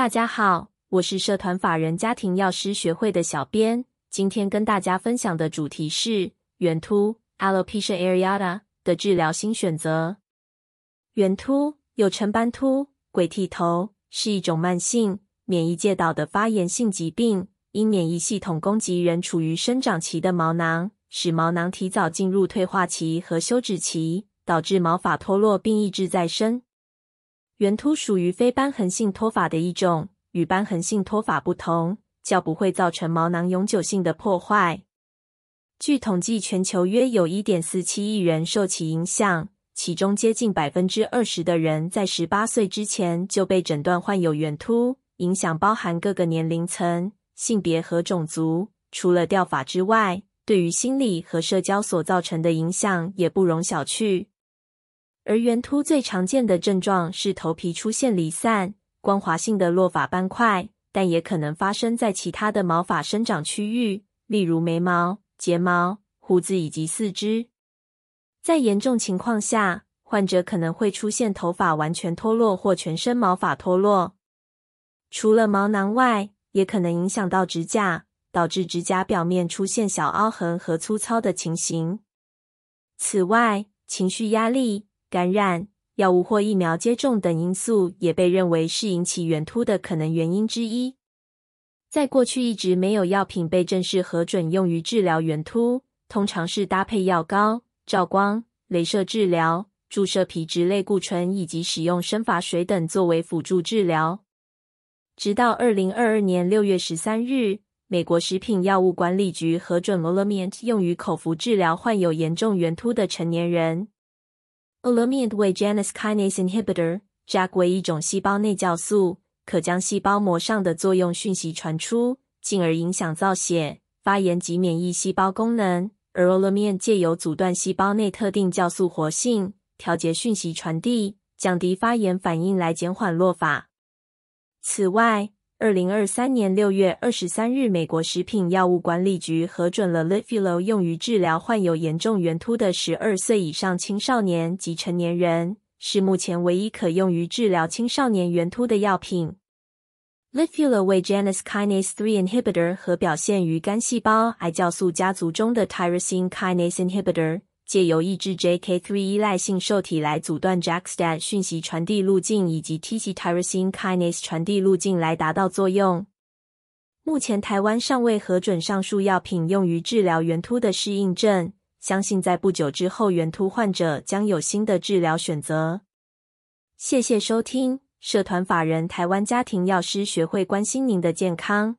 大家好，我是社團法人家庭藥師學會的小編。今天跟大家分享的主題是圓禿 （Alopecia Areata） 的治療新選擇。圓禿又稱斑禿、鬼剃頭，是一種慢性免疫介導的發炎性疾病。因免疫系統攻擊人處於生長期的毛囊，使毛囊提早進入退化期和休止期，導致毛髮脫落並抑制再生。圓禿屬於非瘢痕性脫髮的一種，與瘢痕性脫髮不同，較不會造成毛囊永久性的破壞。據統計，全球約有一點四七億人受其影響，其中接近百分之二十的人在十八歲之前就被診斷患有圓禿。影響包含各個年齡層、性別和種族。除了掉髮之外，對於心理和社交所造成的影響也不容小覷。而圓禿最常見的症狀是頭皮出現離散、光滑性的落髮斑塊，但也可能發生在其他的毛髮生長區域，例如眉毛、睫毛、鬍子以及四肢。在嚴重情況下，患者可能會出現頭髮完全脫落或全身毛髮脫落。除了毛囊外，也可能影響到指甲，導致指甲表面出現小凹痕和粗糙的情形。此外，情緒壓力，感染、藥物或疫苗接種等因素也被認為是引起圓禿的可能原因之一。在過去，一直沒有藥品被正式核准用於治療圓禿，通常是搭配藥膏、照光、鐳射治療、注射皮質類固醇以及使用生髮水等作為輔助治療。直到二零二二年六月十三日，美國食品藥物管理局核准 Olumiant 用於口服治療患有嚴重圓禿的成年人。Olumiant 為 Janus kinase inhibitor，JAK 為一種細胞內酵素，可將細胞膜上的作用訊息傳出，進而影響造血、發炎及免疫細胞功能。而 Olumiant 借由阻斷細胞內特定酵素活性，調節訊息傳遞，降低發炎反應來減緩落髮。此外，二零二三年六月二十三日，美國食品藥物管理局核准了 Litfulo 用於治療患有嚴重圓禿的十二歲以上青少年及成年人，是目前唯一可用於治療青少年圓禿的藥品。Litfulo 為 Janus Kinase 3 inhibitor 和表現於肝細胞癌酵素家族中的 Tyrosine Kinase inhibitor。借由抑制 J K three 依賴性受體來阻斷 Jak stat 訊息傳遞路徑，以及 T C tyrosine kinase 傳遞路徑來達到作用。目前台灣尚未核准上述藥品用於治療圓禿的適應症，相信在不久之後，圓禿患者將有新的治療選擇。謝謝收聽，社團法人台灣家庭藥師學會，關心您的健康。